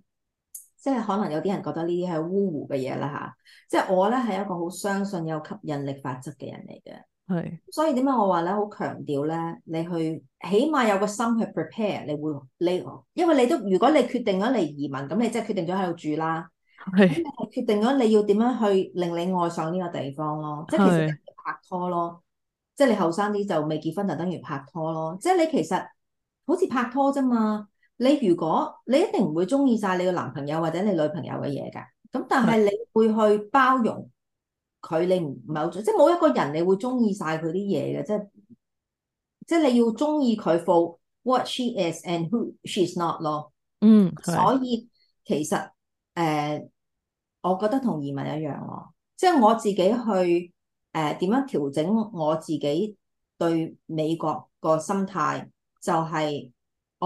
即係可能有啲人覺得呢啲係污穢嘅嘢啦嚇，即係我咧係一個好相信有吸引力法則嘅人嚟嘅，係。所以點解我話咧好強調咧，你去起碼有個心去 prepare，你會我，因為你都如果你決定咗嚟移民，咁你即係決定咗喺度住啦，咁你決定咗你要點樣去令你愛上呢個地方咯，即係其實拍拖咯，即係你後生啲就未結婚就等於拍拖咯，即係你其實好似拍拖啫嘛。你如果你一定唔會中意晒你個男朋友或者你女朋友嘅嘢㗎，咁但係你會去包容佢，嗯、你唔唔係好即係冇一個人你會中意晒佢啲嘢嘅，即係即係你要中意佢 for what she is and who she is not 咯。嗯，所以的其實誒、呃，我覺得同移民一樣喎，即係我自己去誒點、呃、樣調整我自己對美國個心態就係、是。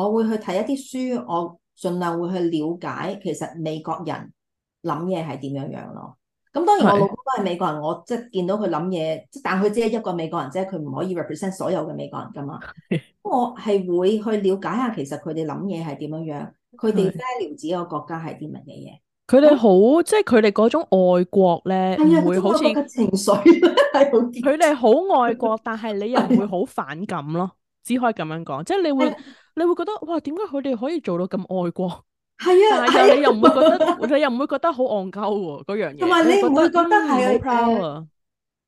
我會去睇一啲書，我盡量會去了解其實美國人諗嘢係點樣樣咯。咁當然我老公都係美國人，我即係見到佢諗嘢，即係但佢只係一個美國人啫，佢唔可以 represent 所有嘅美國人噶嘛。我係會去了解下其實佢哋諗嘢係點樣樣，佢哋 values 自己個國家係啲乜嘅嘢。佢哋好即係佢哋嗰種愛國咧，唔 好似、哎、情緒，佢哋好愛國，但係你又唔會好反感咯， 只可以咁樣講，即係你會。哎你會覺得哇，點解佢哋可以做到咁愛國？係啊，但係你又唔會覺得， 你又唔會覺得好戇鳩喎？嗰樣嘢同埋你唔會覺得係 proud 啊？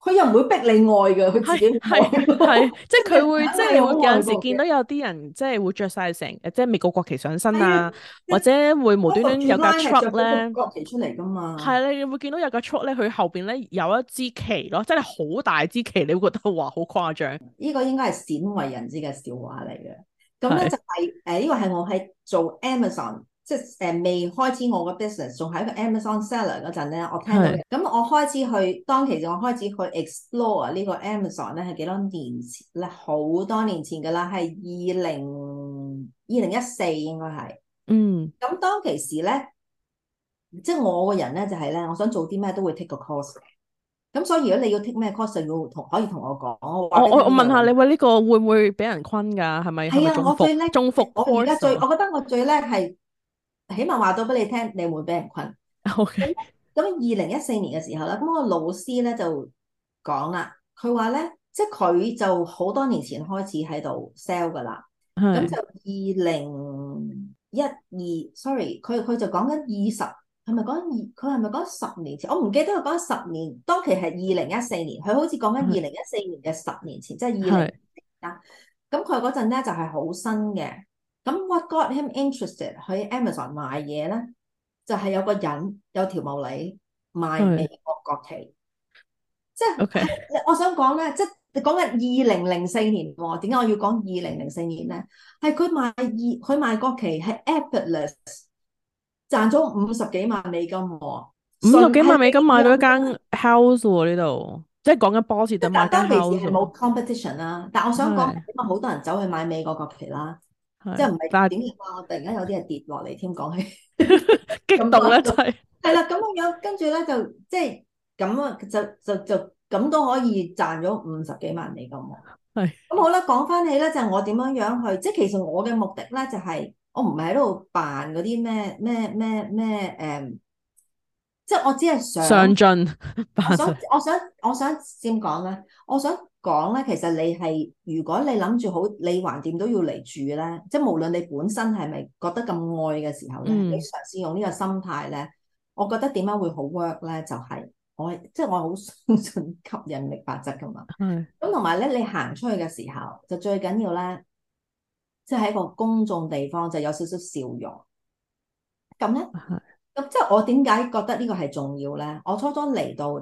佢、嗯嗯啊、又唔會逼你愛嘅，佢自己愛係，即係佢會即係有陣時見到有啲人即係會着晒成即係美國國旗上身啊， 或者會無端端我 有架 truck 咧、嗯，國旗出嚟噶嘛？係你會見到有架 truck 咧？佢後邊咧有一支旗咯，哦，即係好大支旗，你會覺得哇，好誇張！呢個應該係鮮為人知嘅笑話嚟嘅。咁咧就係誒呢個係我喺做 Amazon，即係誒未開始我個 business，仲喺一個 Amazon seller 嗰陣咧，我聽到嘅。咁我開始去，當其實我開始去 explore 呢個 Amazon 咧，係幾多年前啦，好多年前㗎啦，係二零二零一四應該係。嗯。咁當其時咧，即係我個人咧就係咧，我想做啲咩都會 take 個 course 嘅。咁所以如果你要 take 咩 course 要同可以同我講，我我我問下你喂，呢個會唔會俾人坤噶係咪？係啊，我最叻中伏，我而家最，伏我，最我覺得我最叻係，起碼話到俾你聽，你會俾人坤。咁咁二零一四年嘅時候咧，咁個老師咧就講啦，佢話咧，即係佢就好、是、多年前開始喺度 sell 噶啦，咁是就二零一二，sorry，佢佢就講緊二十。係咪講二？佢係咪講十年前？我唔記得佢講十年。當期係二零一四年，佢好似講緊二零一四年嘅十年前，即係二零。啊、hmm.！咁佢嗰陣咧就係、是、好新嘅。咁 What got him interested 去 Amazon 賣嘢咧？就係、是、有個人有條茂利賣美國國旗。Mm hmm. 即係 Okay. 我想講咧，即係講緊二零零四年喎。點解我要講二零零四年咧？係佢賣二，佢賣國旗係 effortless。賺咗五十幾萬美金喎，五十幾萬美金買到一間 house 喎，呢度，即係講緊波士頓，但係當時係冇 competition 啦，但係我想講點解好多人走去買美國國旗啦，即係唔係點嘅話，突然間有啲嘢跌落嚟添，講起 激動咧了，係啦 就，咁 樣跟樣跟住咧就即係咁啊，就就就咁都可以賺咗五十幾萬美金喎，係咁的好啦，講翻起咧就係、我點樣樣去，即係其實我嘅目的咧就係、係。我唔係喺度扮嗰啲咩咩咩咩誒，即係我只係想上進。想 我想我想，我想先講咧，我想講咧，其實你係如果你諗住好，你橫掂都要嚟住咧，即係無論你本身係咪覺得咁愛嘅時候咧，嗯、你嘗試用呢個心態咧，我覺得點解會好 work 咧，就係、是、我即係我好相信吸引力法則噶嘛。嗯。咁同埋咧，你行出去嘅時候，就最緊要咧。即係喺個公眾地方，就有少少笑容。咁咧，咁的即係我點解覺得呢個係重要咧？我初初嚟到，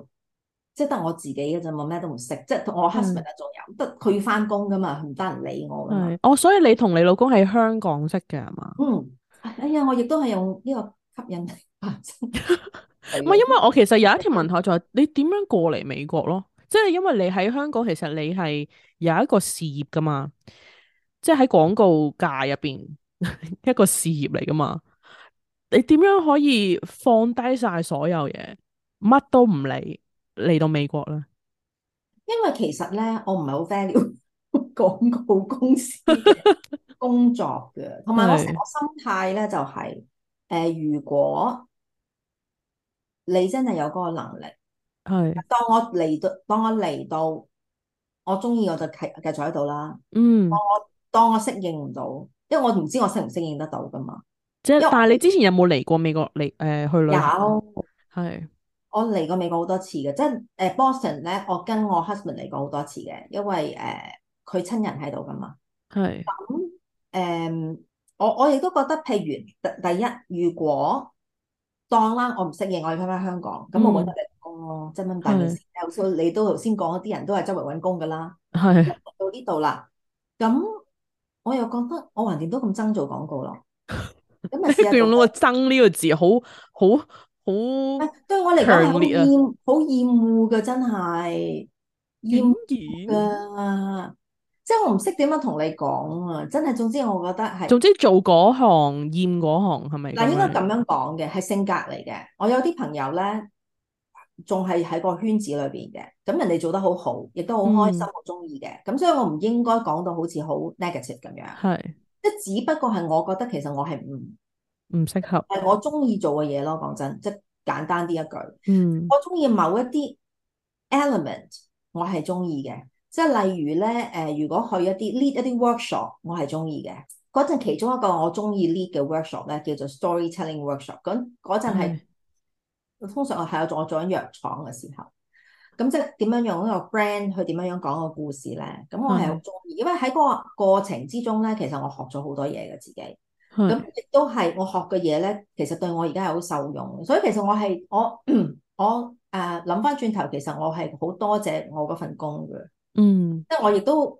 即係得我自己嘅啫，我咩都唔識。即係我 husband 啊，仲有，得佢要翻工噶嘛，唔得人理我噶嘛。哦，所以你同你老公喺香港識嘅係嘛？嗯，哎呀，我亦都係用呢個吸引。唔係，因為我其實有一條問題就係，你點樣過嚟美國咯？即係因為你喺香港，其實你係有一個事業噶嘛。即係喺廣告界入邊 一個事業嚟噶嘛？你點樣可以放低晒所有嘢，乜都唔理嚟到美國咧？因為其實咧，我唔係好 value 廣告公司工作嘅，同埋 我成個心態咧就係、是，誒、 呃，如果你真係有嗰個能力，係， 當我嚟到，當我嚟到，我中意我就繼繼續喺度啦。嗯。 當我適應唔到，因為我唔知我適唔適應得到噶嘛。即係為，但係你之前有冇嚟過美國嚟誒、呃、去旅遊？有，是我嚟過美國好多次嘅，即係誒 Boston 咧，我跟我 husband 嚟過好多次嘅，因為誒佢、呃、親人喺度噶嘛。係是。咁誒、呃，我我亦都覺得，譬如第第一，如果當啦、呃，我唔適應，我要翻翻香港，咁、嗯、我揾得嚟工囉。哦，真係咁大件事。有所是你，你都頭先講啲人都係周圍揾工㗎啦。係是。是到呢度啦，咁、嗯。嗯。我又覺得我橫掂都咁、 那個、憎做廣告咯，咁咪佢用到個憎呢個字，好好好，好對我嚟講好厭，好厭惡噶真係厭惡噶，即係我唔識點樣同你講啊！真係然總之我覺得係，總之做嗰行厭嗰行係咪？是是但係應該咁樣講嘅係性格嚟嘅，我有啲朋友咧。仲係喺個圈子裏邊嘅，咁人哋做得好好，亦都好開心，好中意嘅。咁所以我唔應該講到好似好 negative 咁樣，係是，即係只不過係我覺得其實我係唔唔適合，係我中意做嘅嘢咯。講真，即係簡單啲一,一句，嗯，我中意某一啲 element，我係中意嘅，即係例如咧，誒、呃，如果去一啲 lead 一啲 workshop，我係中意嘅。嗰陣，其中一個我中意 lead 嘅 workshop 咧，叫做 storytelling workshop。咁嗰陣係。通常我係有做做緊藥廠嘅時候，咁即係點樣用呢個 brand 去點樣樣講個故事咧？咁我係好中意，因為喺嗰個過程之中咧，其實我學咗好多嘢嘅自己，咁亦都係我學嘅嘢咧，其實對我而家係好受用。所以其實我係我我誒諗翻轉頭，其實我係好多謝我嗰份工嘅，嗯，即係我亦都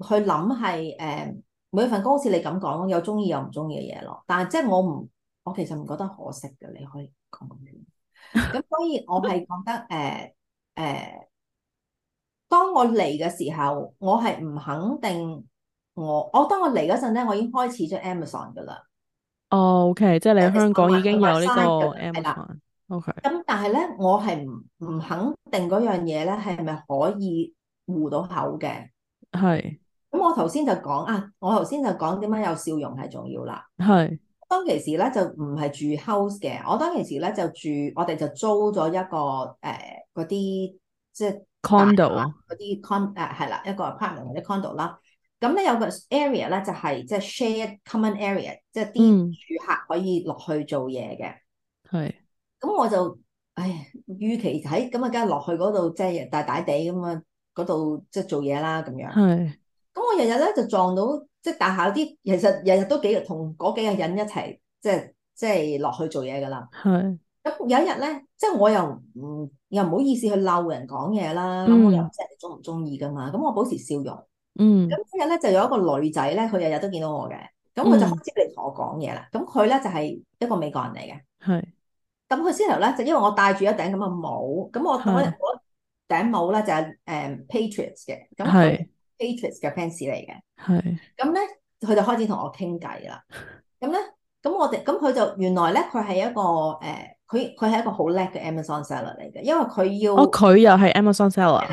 去諗係誒每一份工好似你咁講有中意有唔中意嘅嘢咯，但係即係我唔我其實唔覺得可惜嘅，你可以講。咁、 嗯、所以我係覺得誒誒、呃呃，當我嚟嘅時候，我係唔肯定我我當我嚟嗰陣咧，我已經開始咗 Amazon 噶啦。哦，OK，即係你香港已經有呢個 Amazon。係 o k 咁但係咧，我係唔唔肯定嗰樣嘢咧係咪可以糊到口嘅？係是。咁、嗯、我頭先就講啊，我頭先就講點解有笑容係重要啦。係。當其時咧就唔係住 house 嘅，我當其時咧就住我哋就租咗一個誒嗰啲即係 condo，嗰啲 cond 誒 o、con、呃、係啦一個 apartment 或者 condo 啦。咁咧有個 area 咧就係、是、即係 share common area，即係啲住客可以落去做嘢嘅。係、嗯。咁我就唉，預期喺咁啊，梗係落去嗰度即係大大地咁啊，嗰度即係做嘢啦咁樣。係、是。咁我日日咧就撞到。即係大校啲，其實日日都幾日同嗰幾個人一齊，即係即係落去做嘢噶啦。係，咁有一日咧，即係我又唔又唔好意思去鬧人講嘢啦。咁我又唔知人哋鍾唔鍾意噶嘛。咁我保持笑容。嗯。咁嗰日咧就有一個女仔咧，佢日日都見到我嘅。咁佢就開始嚟同我講嘢啦。咁佢咧就係一個美國人嚟嘅。係是。咁佢先頭咧就因為我戴住一頂咁嘅帽，咁我我我頂帽咧就係誒 Patriots 嘅，咁 Patriots 嘅 fans 嚟嘅。係，咁咧，佢就開始同我傾偈啦。咁咧，咁我哋，咁佢就原來咧，佢係一個誒，佢佢係一個好叻嘅 Amazon seller 嚟嘅，因為佢要，哦，佢又係 Amazon seller，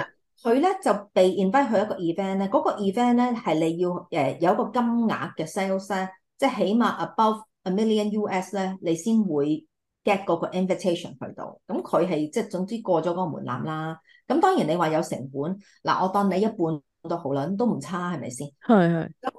佢咧就被 invite 去一個 event 咧，嗰個 event 咧係你要誒有一個金額嘅 sales 咧，即係起碼 above a million US 咧，你先會 get 嗰個 invitation 去到。咁佢係即係總之過咗嗰個門檻啦。咁當然你話有成本，嗱，我當你一半。都好啦，都唔差，係咪先？係係。咁，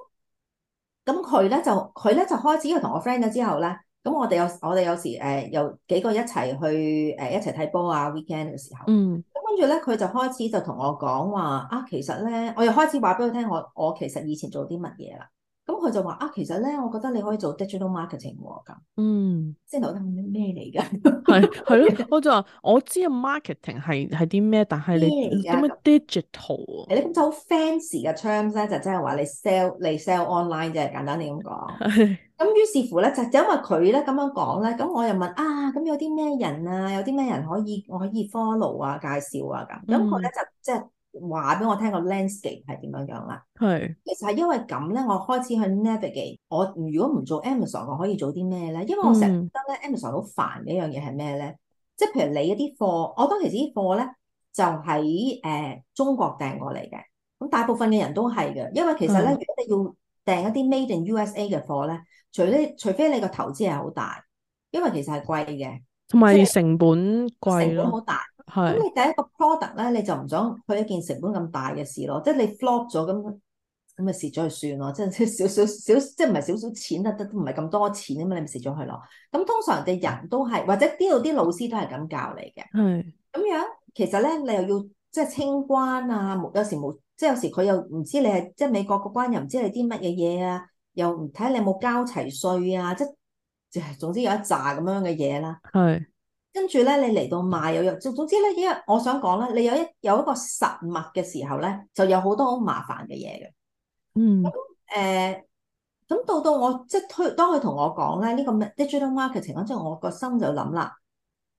咁佢咧就佢咧就開始要同我 friend 咗之後咧，咁我哋有我哋有時誒有、呃、幾個一齊去誒、呃、一齊睇波啊，weekend 嘅時候。嗯。咁跟住咧，佢就開始就同我講話啊，其實咧，我又開始話俾佢聽，我我其實以前做啲乜嘢啦。咁佢就話啊，其實咧，我覺得你可以做 digital marketing 喎，咁嗯，即係頭先咩嚟㗎？係係咯，我就話我知啊，marketing 係係啲咩，但係你點解、啊、digital？你咁就好 fancy 嘅 terms 咧，就即係話你 sell 你 sell online 即啫，簡單啲咁講。咁於是乎咧，就因為佢咧咁樣講咧，咁我又問啊，咁有啲咩人啊，有啲咩人可以我可以 follow 啊，介紹啊咁。咁我咧就即係。嗯話俾我聽個 landscape 係點樣樣啦，係是其實係因為咁咧，我開始去 navigate，我如果唔做 Amazon，我可以做啲咩咧？因為我成日覺得咧，Amazon 好煩嘅一樣嘢係咩咧？嗯、即係譬如你一啲貨，我當時啲貨咧就喺誒、呃、中國訂過嚟嘅，咁大部分嘅人都係嘅，因為其實咧，嗯、如果你要訂一啲 made in USA 嘅貨咧，除非除非你個投資係好大，因為其實係貴嘅，同埋成本貴咯，好大。咁是你第一個 product 咧，你就唔想佢一件成本咁大嘅事咯，即係你 flop 咗咁，咁咪蝕咗去算咯，即係少少少，即係唔係少少錢啊，得都唔係咁多錢啊嘛，你咪蝕咗去咯。咁通常嘅人都係，或者呢度啲老師都係咁教你嘅。係咁是樣，其實咧你又要即係清關啊，冇有時冇，即係有時佢又唔知你係，即係美國個關又唔知你啲乜嘢嘢啊，又唔睇你有冇交齊稅啊，即係總之有一紮咁樣嘅嘢啦。係。跟住咧，你嚟到賣有有，總之咧，因為我想講咧，你有一有一個實物嘅時候咧，就有好多好麻煩嘅嘢嘅。嗯。咁、嗯、誒，咁到到我即係推，當佢同我講咧，呢、這個 digital market 情況之後，我個心就諗啦。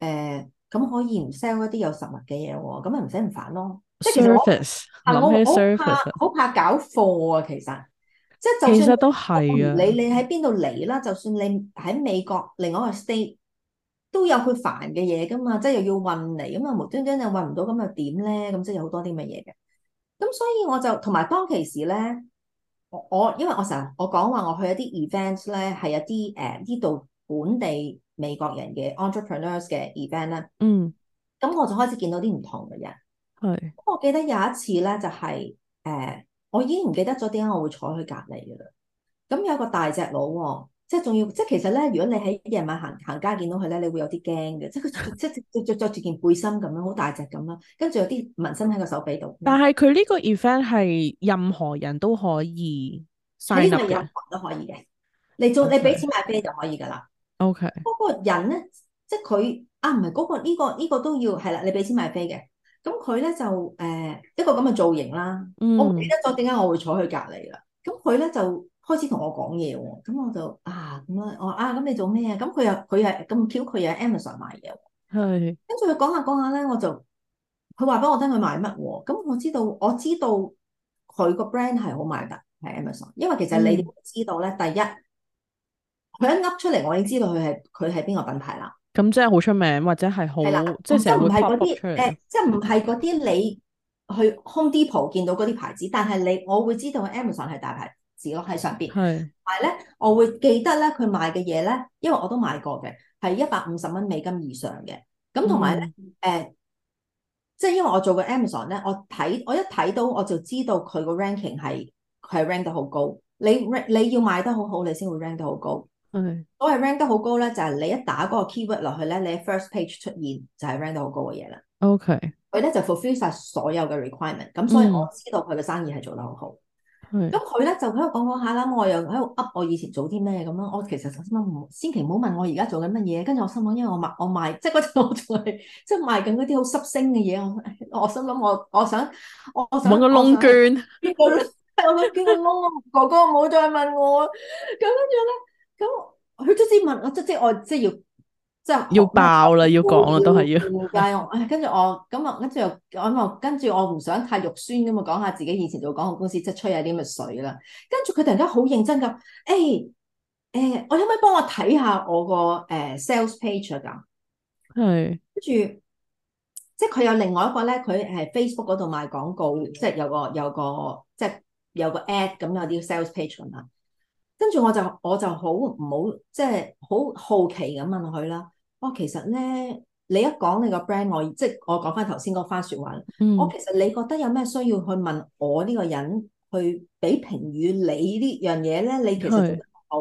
誒、嗯，咁、嗯、可以唔 sell 一啲有實物嘅嘢喎？咁咪唔使唔煩咯。Surface，即係其實我，我我怕，好起怕，怕搞貨啊！其實，即係就算都係啊。我唔理你喺邊度嚟啦，就算你喺美國另外一個 state。都有佢煩嘅嘢噶嘛，即係又要運嚟咁啊，無端端就運唔到咁又點咧？咁即係有好多啲乜嘢嘅。咁所以我就同埋當其時咧，我，我因為我成日我講話我去一啲 event 咧，係一啲誒呢度本地美國人嘅 entrepreneurs 嘅 event 咧。嗯。咁我就開始見到啲唔同嘅人。係。我記得有一次咧，就係誒，我已經唔記得咗點解我會坐喺隔離嘅啦。咁有一個大隻佬喎。即係仲要，即係其實咧，如果你喺夜晚行行街見到佢咧，你會有啲驚嘅。即係佢，即係著著著住件背心咁樣，好大隻咁啦。跟住有啲紋身喺個手臂度。 但係佢呢個 event 係任何人都可以 sign up 任何人都可以嘅 Okay.，你做你俾錢買飛就可以㗎啦。OK。嗰個人咧，即係佢啊，唔係嗰個呢、這個呢、這個都要係啦。你俾錢買飛嘅，咁佢咧就誒、呃、一個咁嘅造型啦。嗯、我唔記得咗點解我會坐佢隔離啦。咁佢咧就。開始同我講嘢喎，咁我就啊咁樣，我啊咁你做咩啊？咁佢又佢又咁 Q，佢又喺 Amazon 買嘢喎。係。跟住佢講下講下咧，我就佢話俾我聽佢買乜喎，咁我知道我知道佢個 brand 係好賣㗎，係 Amazon。因為其實你知道咧，嗯、第一佢一噏出嚟，我已經知道佢係佢係邊個品牌啦。咁、嗯、即係好出名，或者係好的即係唔係嗰啲誒，即係唔係嗰啲你去 Home Depot 見到嗰啲牌子。 但係你我會知道 Amazon 係大牌。字咯喺上邊，係是，係咧，我會記得咧佢賣嘅嘢咧，因為我都買過嘅，係一百五十蚊美金以上嘅，咁同埋咧，誒、嗯，即係、呃就是、因為我做過 Amazon 咧，我睇我一睇到我就知道佢個 ranking 係，佢係 rank 得好高。你 rank 你要賣得好好，你先會 rank 得好高。係，我係 rank 得好高咧，就係、是、你一打嗰個 keyword 落去咧，你喺 first page 出現就係 rank 得好高嘅嘢啦。OK，佢咧就 fulfill 晒所有嘅 requirement，咁所以我知道佢嘅生意係做得好好。嗯。咁佢咧就喺度講講下啦，我又喺度噏我以前做啲咩咁樣。我其實首先咧唔，千祈唔好問我而家做緊乜嘢。跟住我心諗，因為我賣我賣，即係嗰陣我仲係即係賣緊嗰啲好濕星嘅嘢。我我心諗我我想我揾個窿捐，我捐個窿。哥哥唔好再問我，咁跟住咧，咁佢都知問我，即即係我即係、就是、要。即係要爆啦，我要講啦，都係要。唔該，我跟住我咁啊，跟住我咁啊，跟住我唔想太肉酸咁啊，講下自己以前做廣告公司即係吹下啲乜水啦。跟住佢突然間好認真咁，誒、哎、誒、哎，我可唔可以幫我睇下我個誒、呃、sales page 啊？係是。跟住即係佢有另外一個咧，佢係 Facebook 嗰度賣廣告，即係有個有個即係有個 ad 咁有啲 sales page 咁啦。跟住我就我就好唔好即係好好奇咁問佢啦。我其實咧，你一講你個 brand，我即係我講翻頭先嗰番說話。嗯，我其實你覺得有咩需要去問我呢個人去俾評語？你呢樣嘢咧，你其實做得好。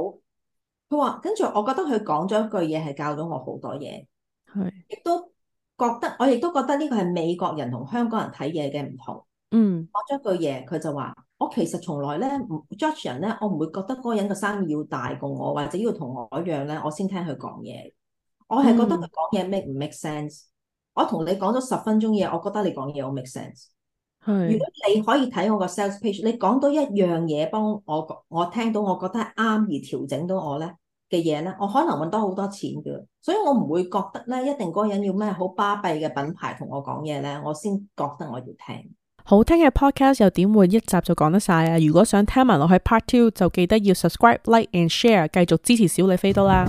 佢話是，跟住我覺得佢講咗一句嘢，係教咗我好多嘢。係，亦都覺得我亦都覺得呢個係美國人同香港人睇嘢嘅唔同。嗯，講咗一句嘢，佢就話：我其實從來咧唔 judge 人咧，我唔會覺得嗰個人個生意要大過我，或者要同我一樣咧，我先聽佢講嘢。我係覺得佢講嘢 make 唔 make sense。嗯、我同你講咗十分鐘嘢，我覺得你講嘢好 make sense。係如果你可以睇我個 sales page，你講到一樣嘢，幫我我聽到我覺得係啱而調整到我咧嘅嘢咧，我可能搵多好多錢嘅。所以我唔會覺得咧，一定嗰個人要咩好巴閉嘅品牌同我講嘢咧，我先覺得我要聽。好聽嘅 podcast 又點會一集就講得晒啊？如果想聽埋落去 part two，就記得要 subscribe、like and share，繼續支持小李飛刀啦。